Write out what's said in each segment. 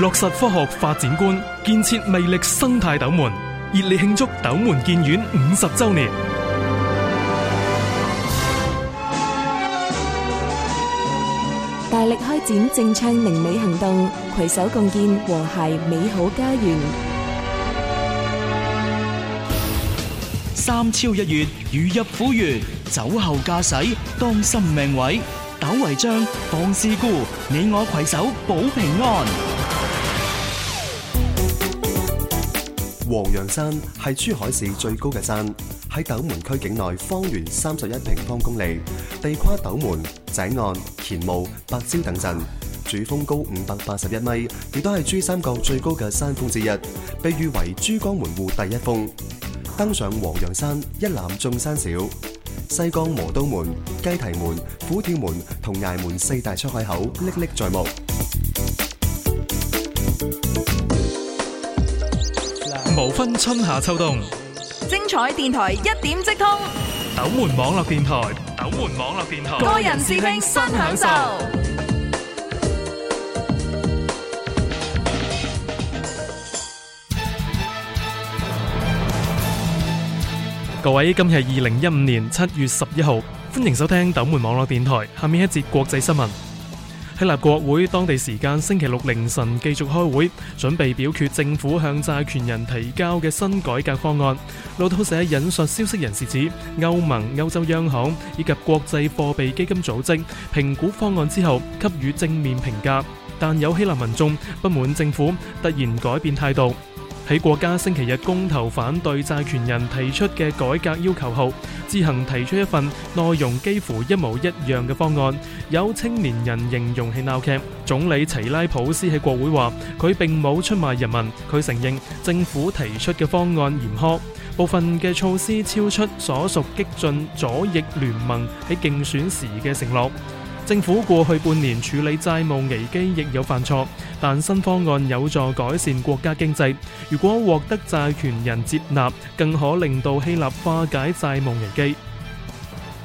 落實科學發展觀，建設魅力生態斗門，熱烈慶祝斗門建院五十周年。大力開展正昌明美行動，攜手共建和諧美好家園。三超一月，如入虎穴，酒後駕駛，當心命位，鬥違章防事故，你我攜手保平安。黃楊山係珠海市最高嘅山，喺斗門區境內，方圓三十一平方公里，地跨斗門、井岸、乾務、白蕉等鎮。主峰高五百八十一米，亦都係珠三角最高嘅山峰之一，被譽為珠江門戶第一峰。登上黃楊山，一覽眾山小，西江磨刀門、雞啼門、虎跳門同崖門四大出海口歷歷在目。分春夏秋冬，精彩電台一點即通。斗門網絡電台，斗門網絡電台，個人視聽新享受。各位，今日係二零一五年七月十一號，歡迎收聽斗門網絡電台。下面一節國際新聞。希臘國會當地時間星期六凌晨繼續開會，準備表決政府向債權人提交嘅新改革方案。路透社引述消息人士指，歐盟、歐洲央行以及國際貨幣基金組織評估方案之後，給予正面評價，但有希臘民眾不滿政府突然改變態度。喺國家星期日公投反對債權人提出嘅改革要求後，自行提出一份內容幾乎一模一樣嘅方案。有青年人形容係鬧劇。總理齊拉普斯喺國會話：佢並冇出賣人民。佢承認政府提出嘅方案嚴苛，部分嘅措施超出所屬激進左翼聯盟喺競選時嘅承諾。政府過去半年處理債務危機亦有犯錯，但新方案有助改善國家經濟。如果獲得債權人接納，更可令到希臘化解債務危機。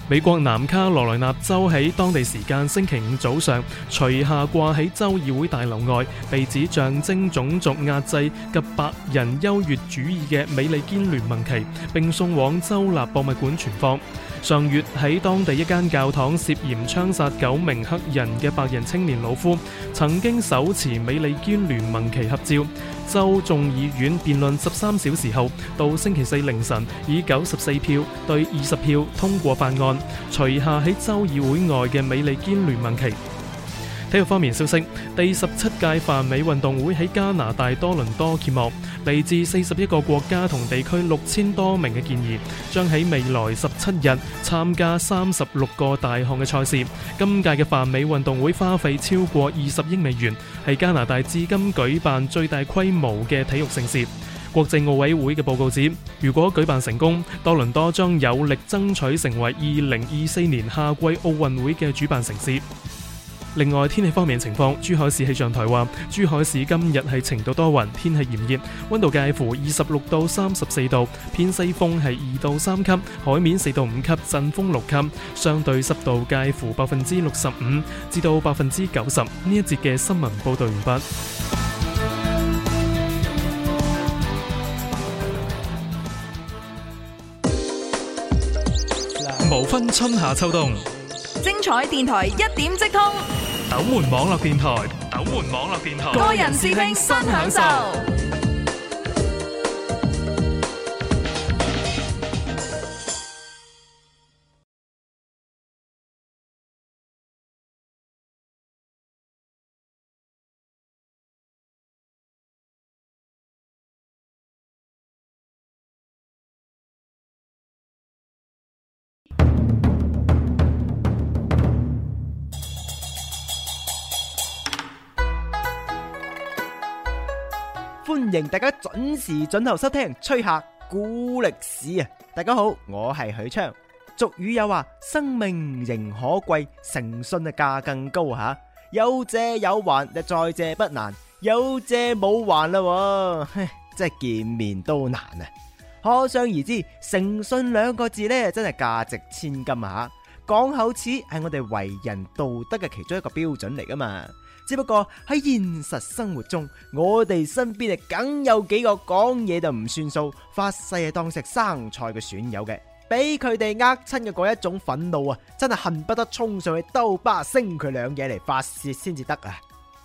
美國南卡羅來納州喺當地時間星期五早上，除下掛喺州議會大樓外，被指象徵種族壓制及白人優越主義嘅美利堅聯盟旗，並送往州立博物館存放。上月喺當地一間教堂涉嫌槍殺九名黑人嘅白人青年老夫，曾經手持美利堅聯盟旗合照。州眾議院辯論十三小時後，到星期四凌晨，以九十四票對二十票通過法案，除下喺州議會外嘅美利堅聯盟旗。體育方面消息，第十七屆泛美運動會喺加拿大多倫多揭幕，嚟自四十一個國家同地區六千多名嘅健兒，將喺未來十七日參加三十六個大項嘅賽事。今屆嘅泛美運動會花費超過二十億美元，係加拿大至今舉辦最大規模嘅體育盛事。國際奧委會嘅報告指，如果舉辦成功，多倫多將有力爭取成為二零二四年夏季奧運會嘅主辦城市。另外，天氣方面情況，珠海市氣象台話：珠海市今日係晴到多雲，天氣炎熱，溫度介乎二十六到三十四度，偏西風係二到三級，海面四到五級，陣風六級，相對濕度介乎百分之六十五至到百分之九十。呢一節嘅新聞報導完畢。無分春夏秋冬，精彩電台一點即通。斗門網絡電台，斗門網絡電台，個人視聽新享受。歡迎大家準時準候收聽《吹客古歷史》啊！大家好，我係許昌。俗語有話：生命仍可貴，誠信嘅價更高吓、啊。有借有還，就再借不難；有借冇還啦、啊，真係見面都難啊！可想而知，誠信兩個字呢，真係價值千金啊！講口齒係我哋為人道德嘅其中一個標準嚟噶嘛。只不過喺現實生活中，我哋身邊啊，梗有幾個講嘢就唔算數、發誓係當食生菜嘅損友嘅，俾佢哋呃親嘅嗰一種憤怒啊，真係恨不得衝上去兜巴星佢兩嘢嚟發洩先至得啊！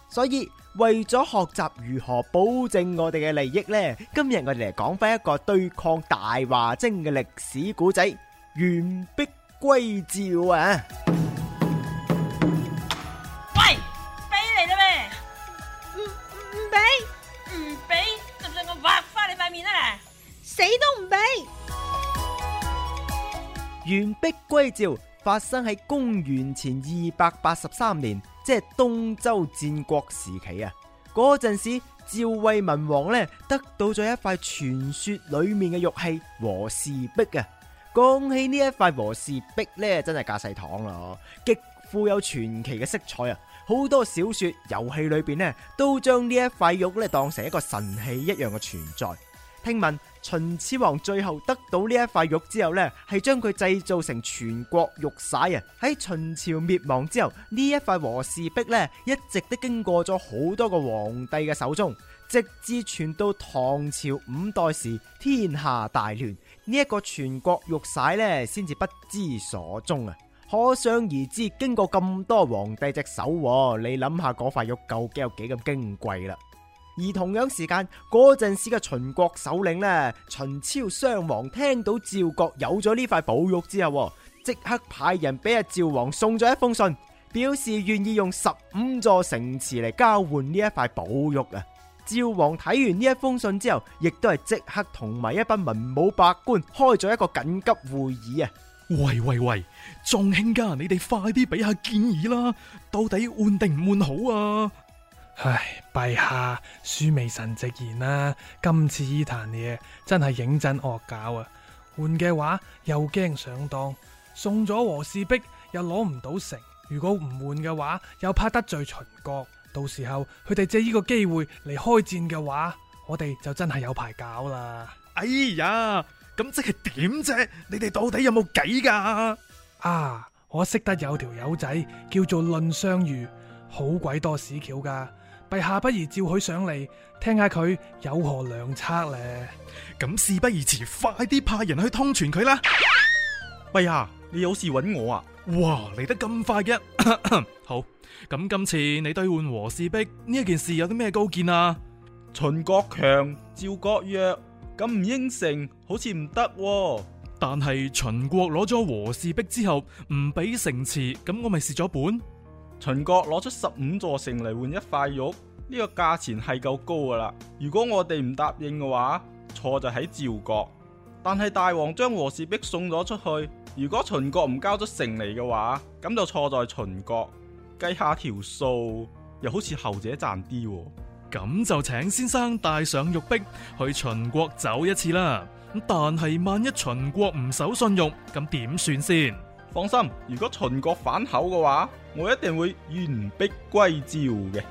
所以為咗學習如何保證我哋嘅利益呢，今日我哋嚟講翻一個對抗大話精嘅歷史古仔，完璧歸趙啊！死都唔俾。完璧歸趙發生喺公元前二百八十三年，即係東周戰國時期啊！嗰陣時，趙惠文王呢，得到咗一塊傳說裏面嘅玉器和氏璧啊，講起呢一塊和氏璧呢，真係架勢堂咯，極富有傳奇嘅色彩啊！好多小說、遊戲裏邊呢，都將呢一塊玉呢，當成一個神器一樣嘅存在。聽聞秦始皇最後得到呢一塊玉之後呢，係將佢製造成全國玉璽啊！喺秦朝滅亡之後，呢一塊和氏璧咧，一直都經過咗好多個皇帝嘅手中，直至傳到唐朝五代時，天下大亂，呢一個全國玉璽呢，先至不知所蹤啊！可想而知，經過咁多皇帝隻手，你諗下嗰塊玉究竟有幾咁矜貴啦！而同樣時間嗰陣時嘅秦國首領呢，秦昭襄王聽到趙國有咗呢塊寶玉之後，即刻派人俾阿趙王送咗一封信，表示願意用十五座城池嚟交換呢一塊寶玉啊！趙王睇完呢一封信之後，亦都係即刻同埋一班文武百官開咗一個緊急會議啊！喂喂喂，眾卿家，你哋快啲俾下建議啦，到底換定唔換好啊？唉，陛下，恕微臣直言啦、啊。今次呢單嘢真係認真惡搞啊！換嘅話又驚上當，送咗和氏璧又攞唔到城。如果唔換嘅話，又怕得罪秦國。到時候佢哋借呢個機會嚟開戰嘅話，我哋就真係有排搞啦。哎呀，咁即係點啫？你哋到底有冇計㗎？啊，我識得有條友仔叫做藺相如，好鬼多屎橋㗎。陛下不，不如召佢上嚟，聽下佢有何良策咧？咁事不宜遲，快啲派人去通傳佢啦！陛下，你有事揾我啊？哇，嚟得咁快嘅！ 好，咁今次你兌換和氏璧呢件事有啲咩高見啊？秦國強，趙國弱，咁唔應承好似唔得。但係秦國攞咗和氏璧之後唔俾城池，咁我咪蝕咗本。秦國攞出十五座城嚟換一塊玉，呢個價錢係夠高噶啦。如果我哋唔答應嘅話，錯就喺趙國。但係大王將和氏璧送咗出去，如果秦國唔交咗城嚟嘅話，咁就錯在秦國。計下條數，又好似後者賺啲，咁就請先生帶上玉璧去秦國走一次啦。但係萬一秦國唔守信用，咁點算先？放心，如果秦國反口嘅話。我一定會完璧歸趙嘅，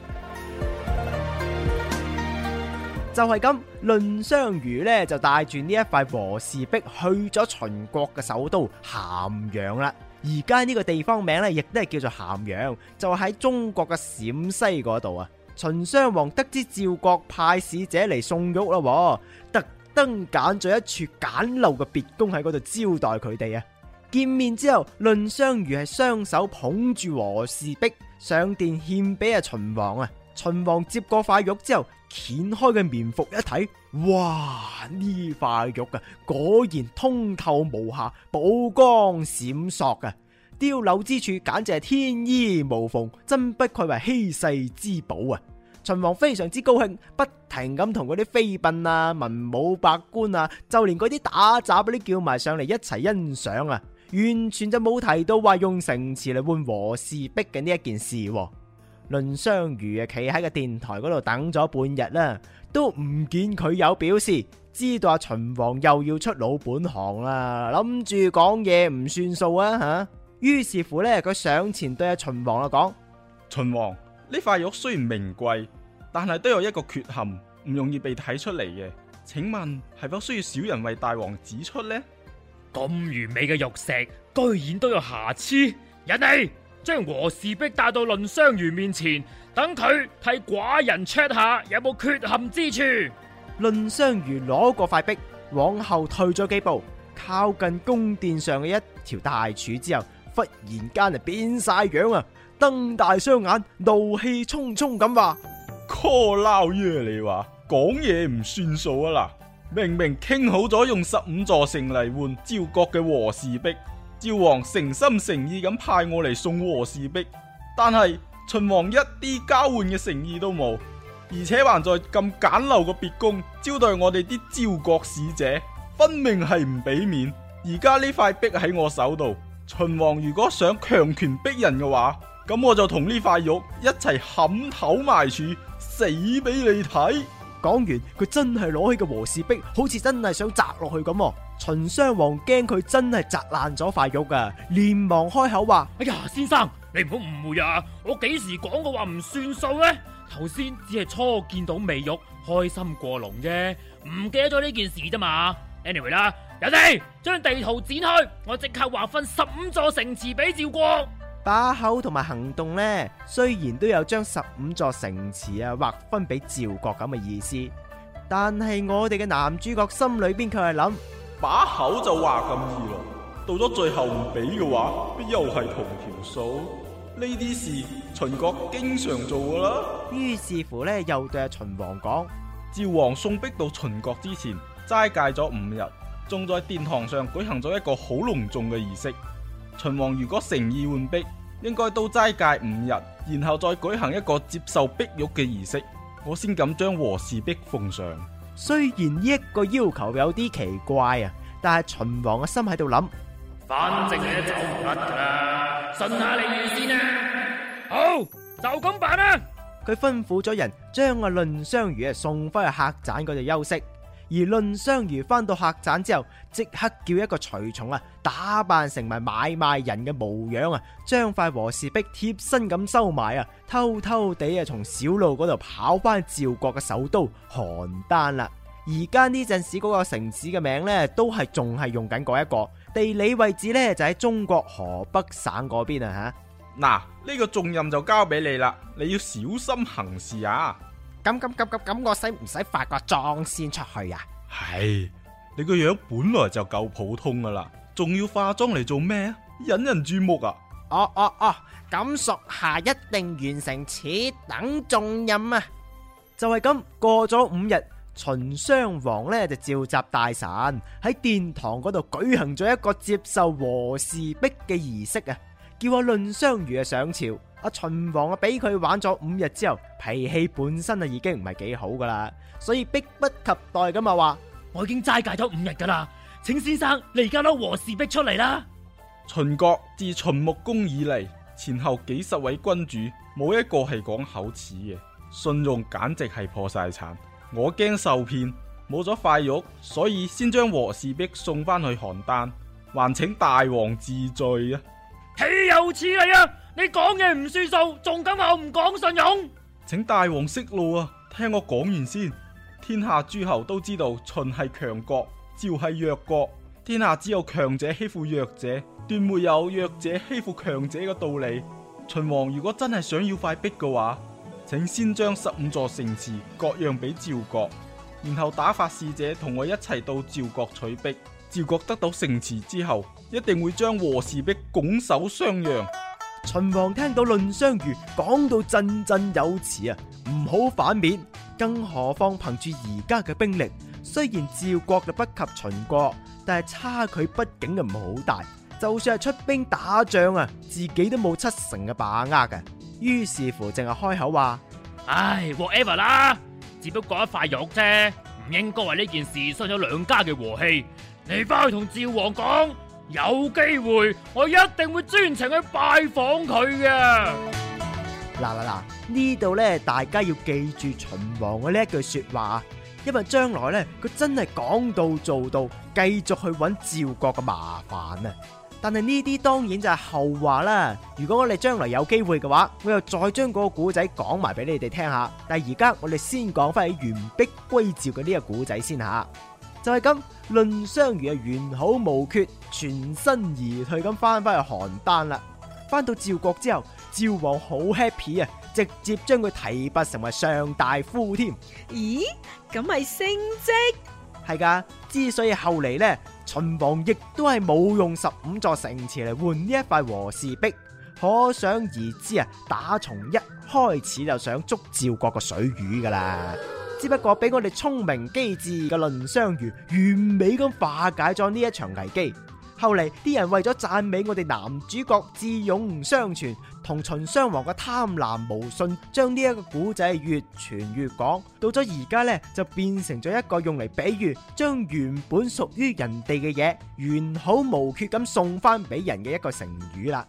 就係咁。藺相如咧就帶住呢一塊和氏璧去咗秦國嘅首都咸陽啦。而家呢個地方名咧，亦都係叫做咸陽，就喺、是、中國嘅陝西嗰度啊。秦襄王得知趙國派使者嚟送玉啦，特登揀咗一處簡陋嘅別宮喺嗰度招待佢哋啊。見面之後，藺相如係雙手捧住和氏璧上殿獻俾阿秦王啊，秦王接過塊玉之後，掀開嘅棉服一睇，哇！呢塊玉啊，果然通透無瑕，寶光閃爍啊，雕鏤之處簡直係天衣無縫，真不愧為稀世之寶啊！秦王非常之高興，不停咁同嗰啲妃嬪啊、文武百官啊，就連嗰啲打雜嗰啲叫埋上嚟，一齊欣賞啊！完全就冇提到話用城池嚟換和氏璧嘅呢一件事。藺相如啊，企喺個電台嗰度等咗半日啦、啊，都唔見佢有表示，知道阿秦王又要出老本行啦、啊，諗住講嘢唔算數啊吓。於、啊、是乎呢，佢上前對阿秦王就講：秦王呢塊玉雖然名貴，但係都有一個缺陷，唔容易被睇出嚟嘅。請問係否需要小人為大王指出呢？」咁完美嘅玉石居然都有瑕疵，忍氣將和氏璧帶到藺相如面前，等佢替寡人 check 下有冇缺陷之處。藺相如攞過塊璧，往後退咗幾步，靠近宮殿上嘅一條大柱之後，忽然間就變晒樣啊！瞪大雙眼，怒氣沖沖咁話：狂撈嘢你話，講嘢唔算數啊嗱！明明傾好咗用十五座城嚟換趙國嘅和氏璧，趙王誠心誠意咁派我嚟送和氏璧，但係秦王一啲交換嘅誠意都冇，而且還在咁簡陋嘅別宮招待我哋啲趙國使者，分明係唔俾面。而家呢塊璧喺我手度，秦王如果想強權逼人嘅話，咁我就同呢塊玉一齊冚頭埋柱，死俾你睇。講完，佢真係攞起個和氏璧，好似真係想砸落去咁。秦襄王驚佢真係砸爛咗塊玉啊，連忙開口話：哎呀，先生，你唔好誤會啊，我幾時講過話唔算數呢？頭先只係初見到美玉，開心過龍啫，唔記得咗呢件事咋嘛？Anyway 啦，人哋將地圖剪開，我即刻劃分十五座城池俾趙國。把口同埋行動呢，雖然都有將十五座城池啊劃分俾趙國咁嘅意思，但係我哋嘅男主角心裏邊佢係諗，把口就話咁易咯，到咗最後唔俾嘅話，必又係同條數。呢啲事秦國經常做㗎喇。於是乎呢，又對秦王講，趙王送逼到秦國之前，齋戒咗五日，仲在殿堂上舉行咗一個好隆重嘅儀式。秦王如果誠意換璧，應該到齋戒五日，然後再舉行一個接受璧玉嘅儀式，我先敢將和氏璧奉上。雖然呢一個要求有啲奇怪啊，但係秦王嘅心喺度諗，反正你都走唔甩噶啦，信下你意先啊！好，就咁辦啦、啊。佢吩咐咗人將阿、啊、藺相如啊送翻去客棧嗰度休息。而藺相如翻到客棧之後，即刻叫一個隨從啊，打扮成埋買賣人嘅模樣啊，將塊和氏璧貼身咁收埋啊，偷偷地啊，從小路嗰度跑翻趙國嘅首都邯鄲啦。而家呢陣時嗰個城市嘅名呢，都係仲係用緊嗰一個地理位置呢，就喺中國河北省嗰邊啊吓。嗱，呢個重任就交俾你啦，你要小心行事啊！咁咁急急咁，我使唔使化個妝先出去啊？係你個樣本來就夠普通噶啦，仲要化妝嚟做咩啊？引人注目啊！哦哦哦，咁屬下一定完成此等重任啊！就係咁，過咗五日，秦襄王呢就召集大臣喺殿堂嗰度舉行咗一個接受和氏璧嘅儀式啊，叫阿藺相如啊上朝。阿秦王啊，俾佢玩咗五日之後，脾氣本身啊已經唔係幾好噶啦，所以迫不及待咁啊話：我已經齋戒咗五日噶啦，請先生你而家攞和氏璧出嚟啦！秦國自秦穆公以嚟，前後幾十位君主，冇一個係講口齒嘅，信用簡直係破晒產。我驚受騙，冇咗塊玉，所以先將和氏璧送翻去邯鄲，還請大王治罪啊！豈有此理啊！你講嘢唔算數，仲敢話我唔講信用？請大王息怒啊！聽我講完先。天下諸侯都知道秦係強國，趙係弱國。天下只有強者欺負弱者，斷沒有，有弱者欺負強者嘅道理。秦王如果真係想要塊璧嘅話，請先將十五座城池割讓俾趙國，然後打發使者同我一齊到趙國取璧。趙國得到城池之後，一定會將和氏璧拱手相讓。秦王聽到藺相如講到振振有詞啊，唔好反面，更何況憑住而家嘅兵力，雖然趙國就不及秦國，但係差距畢竟啊唔好大。就算係出兵打仗啊，自己都冇七成嘅把握㗎。於是乎，淨係開口話：唉，whatever 啦，只不過一塊肉啫，唔應該為呢件事傷咗兩家嘅和氣。你翻去同趙王講。有機會，我一定會專程去拜訪佢嘅。嗱嗱嗱，呢度呢，大家要記住秦王嘅呢一句說話，因為將來呢，佢真係講到做到，繼續去揾趙國嘅麻煩啊！但係呢啲當然就係後話啦。如果我哋將來有機會嘅話，我又再將嗰個古仔講埋俾你哋聽下。但係而家我哋先講翻起《完璧歸趙》嘅呢個古仔先吓。.就係咁，藺相如啊完好無缺，全身而退咁翻返去邯鄲啦。翻到趙國之後，趙王好 happy 啊，直接將佢提拔成為上大夫添。咦，咁係升職？係噶。之所以後嚟呢，秦王亦都係冇用十五座城池嚟換呢一塊和氏璧，可想而知啊，打從一開始就想捉趙國個水魚噶啦。只不過俾我哋聰明機智嘅藺相如完美咁化解咗呢一場危機。後嚟啲人為咗讚美我哋男主角智勇雙全，同秦襄王嘅貪婪無信，將呢一個古仔越傳越廣。到咗而家呢，就變成咗一個用嚟比喻將原本屬於人哋嘅嘢完好無缺咁送翻俾人嘅一個成語啦。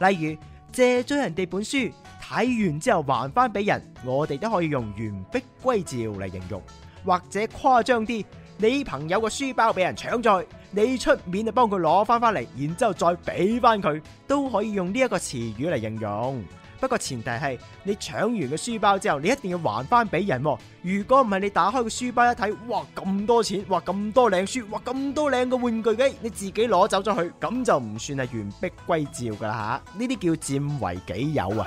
例如。借咗人哋本書睇完之後還翻俾人，我哋都可以用完璧歸趙嚟形容，或者誇張啲，你朋友個書包俾人搶咗，你出面就幫佢攞翻翻嚟，然之後再俾翻佢，都可以用呢一個詞語嚟形容。不過前提係你搶完個書包之後，你一定要還翻俾人啊。如果唔係，你打開個書包一睇，哇咁多錢，哇咁多靚書，哇咁多靚嘅玩具嘅，你自己攞走咗佢，咁就唔算係完璧歸趙噶啦吓。呢啲叫佔為己有啊。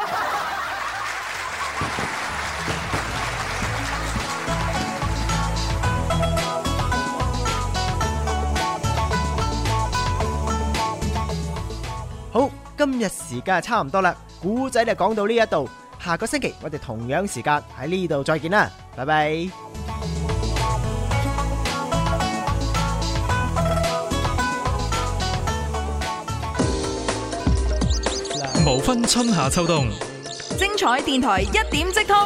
好。今日時間差唔多啦，古仔就講到呢一度，下個星期我哋同樣時間喺呢度再見啦，拜拜。冇分春夏秋冬，精彩電台一點即通，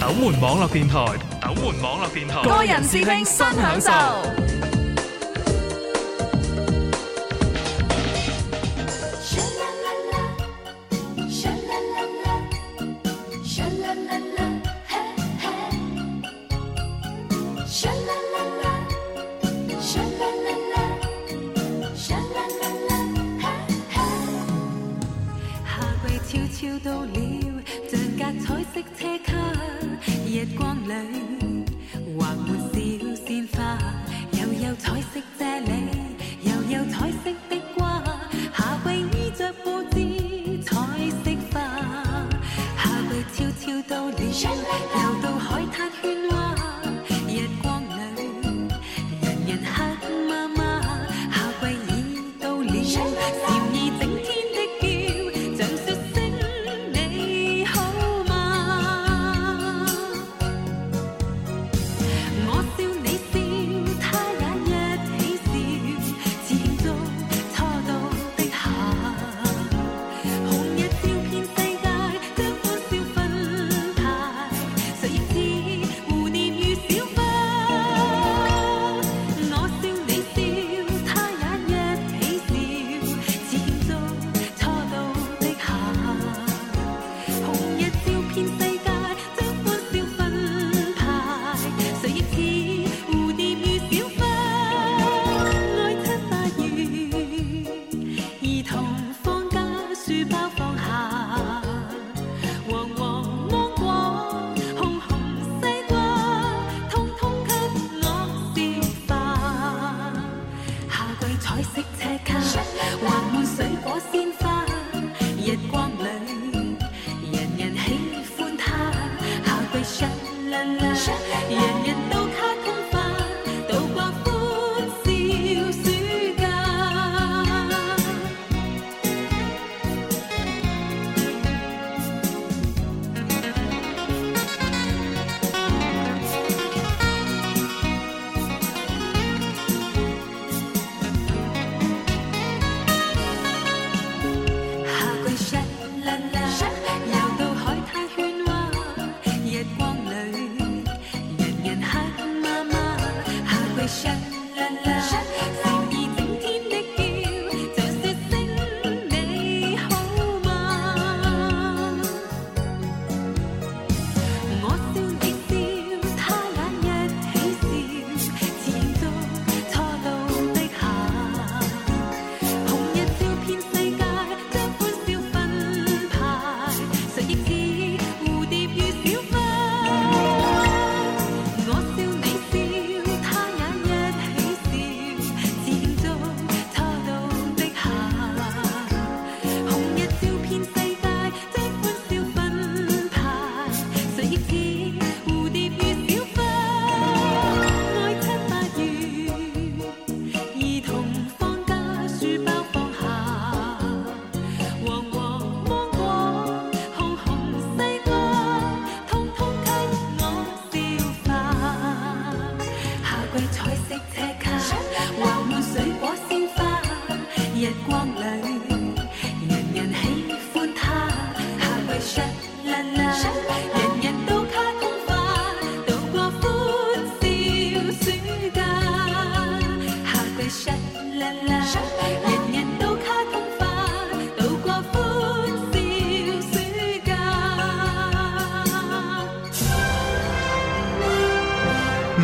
斗門網絡電台，斗門網絡電台，個人視聽，新享受。